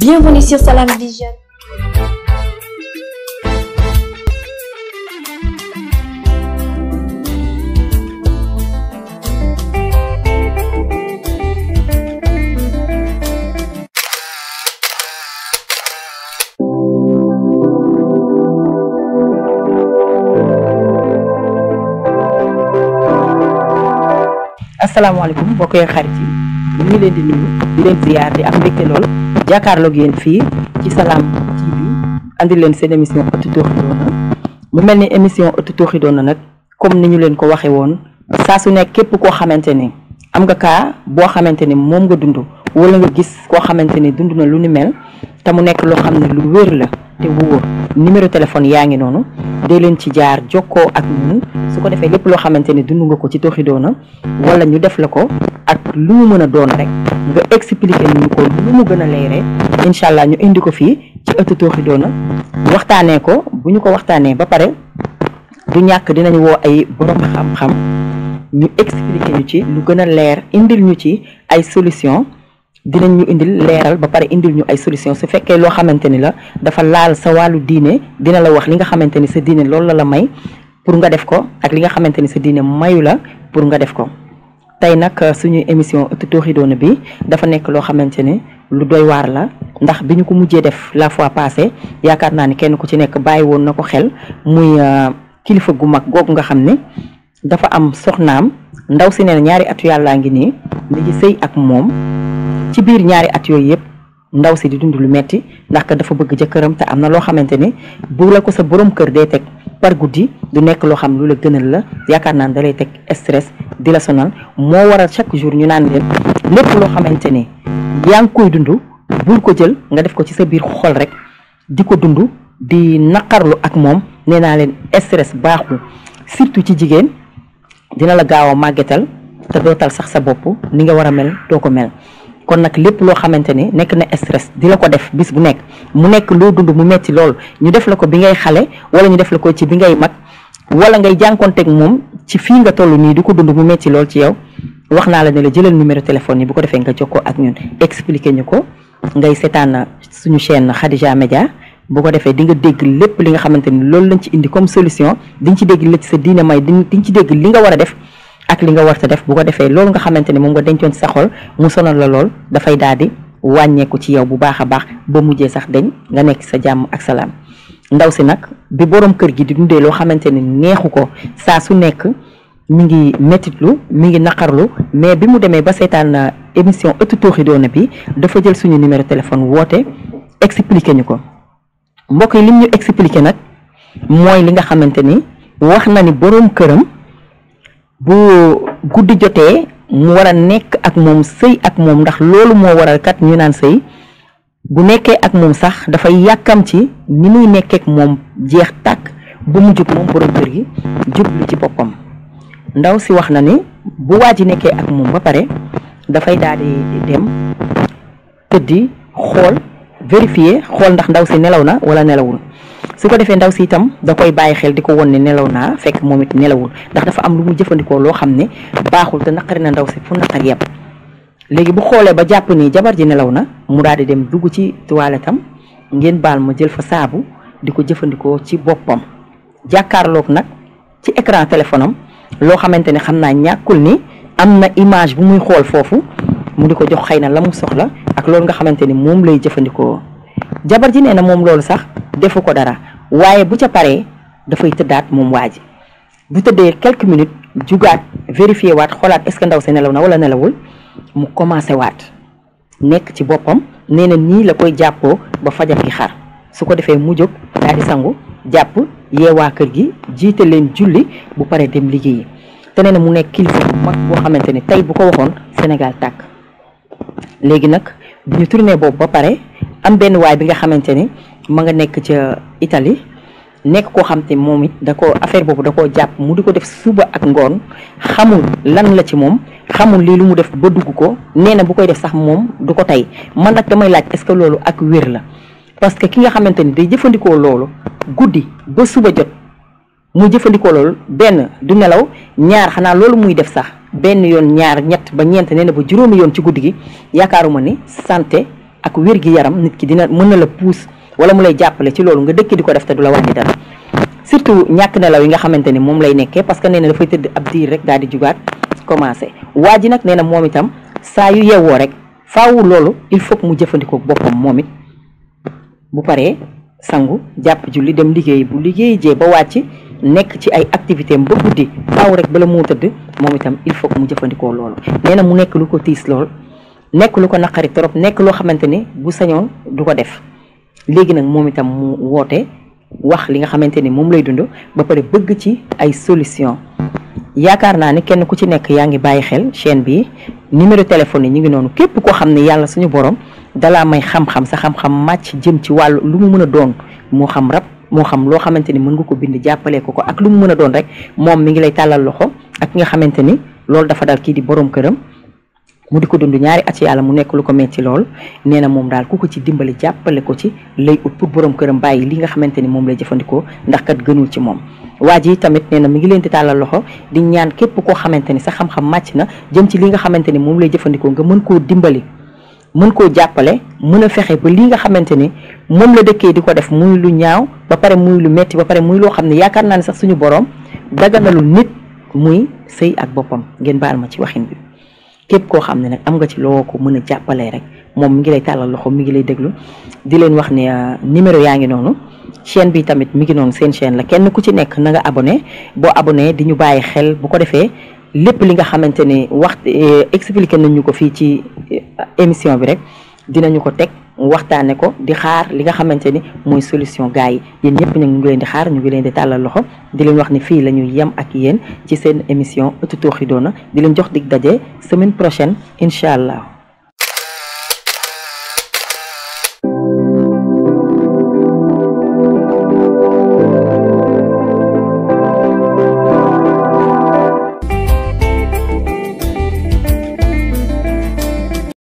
Bienvenue sur Salam Vision. asalaamaaleykum mbokk yi xarit yi ñu ngi leen di nuyu di leen ziyaar di am mbégte lool. jàkkaarloog yéen fii ci Salam TV andi leen seen émission ëttu Tooxidoona mu mel ni émission doon na nag comme ni ñu leen ko waxee woon saa su nekk képp koo xamante ni am nga kaa boo xamante ni moom nga dund wala nga gis koo xamante ni dund na lu ni mel te mu nekk loo xam ne lu wér la. te wóor numéro téléphone yaa ngi noonu dee leen ci jaar jokkoo ak ñun su ko defee lépp loo xamante ni dund nga ko ci Toxidoona wala ñu def la ko ak lu mu mën a doon rek nga expliquer ñu ko lu mu gën a leeree incha allah ñu indi ko fii ci ëttu Toxidoona waxtaanee ko bu ñu ko waxtaanee ba pare du ñàkk dinañ woo ay borom xam ñu expliquer ci lu gën a leer indil ñu ci ay solution dinañ ñu indil leeral ba pare indil ñu ay solution su fekkee loo xamante ni la dafa laal sa wàllu diine dina la wax li nga xamante ni sa diine loolu la la may pour nga def ko ak li nga xamante ni sa diine mayu la pour nga def ko. tey nag euh, suñu émission ëttu tooxidoona bi dafa nekk loo xamante ni lu doy waar la ndax bi ñu ko mujjee def la fois passée yaakaar naa ni kenn ku ci nekk bàyyi woon na ko xel muy euh, kilifa gu mag googu nga xam ne dafa am soxnaam ndaw si ne ñaari atu yàllaa ngi nii mi ngi sëy ak moom ci biir ñaari at yooyu yëpp ndaw si di dund lu metti ndax ka dafa bëgg jëkkëram te am na loo xamante ni bu la ko sa borom kër dee teg par guddi du nekk loo xam lu la gënal la yaakaar naan dalay teg stress di la sonal moo waral chaque jour ñu naan leen lépp loo xamante ne yaa ngi koy dund bul ko jël nga def ko ci sa biir xool rek di ko dund di naqarlu ak moom nee naa leen stress baaxul surtout ci jigéen dina la gaaw a màggetal te doo tal sax sa bopp ni nga war a mel doo ko mel kon nag lépp loo xamante ni nekk na stress di la ko def bis bu nekk mu nekk loo dund mu metti lool ñu def la ko bi ngay xale wala ñu def la ko ci bi ngay mag wala ngay teg moom ci fii nga toll nii di ko dund mu metti lool ci yow wax naa la ne la jëlal numéro téléphone yi bu ko defee nga ko ak ñun expliqué ñu ko ngay seetaan suñu chaîne Khadija Media boo ko defee di nga dégg lépp li nga xamante ni loolu lañ ci indi comme solution di nga ci dégg la ci sa diine may di nga ci dégg li nga war a def ak li nga war sa def bu ko defee loolu nga xamante ni moom nga dencoon ci sa xol mu sonal la lool dafay daal di wàññeeku ci yow bu baax a baax ba mujjee sax dañ nga nekk sa jàmm ak salaam. ndaw si nag bi borom kër gi di dundee loo xamante ni neexu ko saa su nekk mu ngi métitlu mi ngi naqarlu mais bi mu demee ba seetaan euh, émission ëttu tooxi doona bi dafa jël suñu numéro téléphone woote expliqué ñu ko. mbokk yi lim ñu expliqué nag mooy li nga xamante ni wax na ni boroom këram bu guddi jotee mu war a nekk ak moom sëy ak moom ndax loolu moo waral kat ñu naan sëy bu nekkee ak moom sax dafay yàkkam ci ni muy nekkee ak moom jeex tàkk ba mu jub moom boroom kër gi jublu ci boppam ndaw si wax na ni bu waa ji nekkee ak moom ba pare dafay daal di dem tëddi xool vérifier xool ndax ndaw si nelaw na wala nelawul su ko defee ndaw si itam da koy bàyyi xel di ko won ne nelaw naa fekk moom it nelawul ndax dafa am lu mu jëfandikoo loo xam ne baaxul te naqari na ndaw si fu naqar yàpp léegi bu xoolee ba jàpp nii jabar ji nelaw na mu daal di dem dugg ci toilette am ngeen baal ma jël fa saabu di ko jëfandikoo ci boppam jàkkaarloog nag ci écran téléphone am loo xamante ne xam naa ñàkkul ni am na image bu muy xool foofu mu di ko jox xëy na la mu soxla ak loolu nga xamante ni moom lay jëfandikoo jabar ji nee na moom loolu sax defu ko dara waaye bu ca paree dafay tëddaat moom waa ji bu tëddee quelques minutes jugaat vérifier waat xoolaat est-ce que ndaw sa nelaw na wala nelawul mu commencé waat nekk ci boppam nee na nii la koy jàppoo ba fajar gi xar su ko defee mu jóg daal di sangu jàpp waa kër gi jiite leen julli bu paree dem liggéeyi te nee na mu nekk kilifa bu mag boo xamante ni tey bu ko waxoon Sénégal tàkk léegi nag bi ñu tourné boobu ba pare am benn waay bi nga xamante ni ma nga nekk ca Italie nekk koo xam te moom it da ko affaire boobu da koo jàpp mu du ko def suba ak ngoon xamul lan la ci moom xamul lii lu mu def ba dugg ko nee na bu koy def sax moom du ko tey man nag damay laaj est-ce que loolu ak wér la parce que ki nga xamante ni day jëfandikoo loolu guddi ba suba jot mu jëfandikoo loolu benn du nelaw ñaar xanaa loolu muy def sax benn yoon ñaar ñett ba ñeent nee na ba juróomi yoon ci guddi gi yaakaaruma ni santé ak wér gi yaram nit ki dina mën na la puus wala mu lay jàppale ci loolu nga dëkk di ko def te du la wàññi dara surtout ñàkk nelaw yi nga xamante ni moom lay nekkee parce que nee dafay tëdd ab diir rek daal di jugaat commencé waa ji nag nee na moom itam saa yu yeewoo rek faw loolu il faut mu jëfandikoo boppam moom it bu paree sangu jàpp julli dem liggéey bu liggéey jee ba wàcc nekk ci ay activité am ba guddi aw rek bala moo tëdd moom itam il faut mu jëfandikoo loolu nee mu nekk lu ko tiis lool nekk lu ko naqari trop nekk loo xamante ni bu sañoon du ko def léegi nag moom itam mu woote wax li nga xamante ni moom lay dund ba pare bëgg ci ay solution yaakaar naa ne kenn ku ci nekk yaa ngi bàyyi xel chaîne bi numéro téléphone yi ñu ngi noonu képp koo xam ne yàlla suñu borom dalaa may xam-xam sa xam-xam màcc jëm ci wàll lu mu mën a doon moo xam rab moo xam loo xamante ni mën nga koo bind jàppale ko ko ak lu mu mën a doon rek moom mi ngi lay tàllal loxo ak nga xamante ni loolu dafa dal kii di borom këram mu di ko dund ñaari at yàlla mu nekk lu ko metti lool nee na moom daal ku ko ci dimbali jàppale ko ci lay ut pour borom këram bàyyi li nga xamante ni moom lay jëfandikoo ndax gënul ci moom. waa ji tamit nee na mi ngi leen di tàllal loxo di képp koo xamante ni sa xam màcc na jëm ci li nga xamante ni moom lay jëfandikoo nga mën koo dimbali. mën koo jàppale mën a fexe ba lii nga xamante ni moom la dëkkee di ko def muy lu ñaaw ba pare muy lu metti ba pare muy loo xam ne yaakaar naa ne sax suñu borom daganalul nit muy sëy ak boppam ngeen baal ma ci waxin bi képp koo xam ne nag am nga ci loo ko mën a jàppalee rek moom mi ngi lay tàllal loxo mi ngi lay déglu di leen wax ne euh, numéro yaa ngi noonu chaîne bi tamit mi ngi noonu seen chaîne la kenn ku ci nekk na nga abone boo abonee di ñu bàyyi xel bu ko defee lépp li nga xamante ne wax euh, expliqué nañ ñu ko fii ci émission bi rek dinañu ko teg waxtaane ko di xaar li nga xamante ni mooy solution gars yi yéen ñëpp ñu ngi leen di xaar ñu ngi leen di tàllal loxo di leen wax ni fii la ñuy yem ak yéen ci seen émission ëttu tooxi doona di leen jox dig daje semaine prochaine incha allah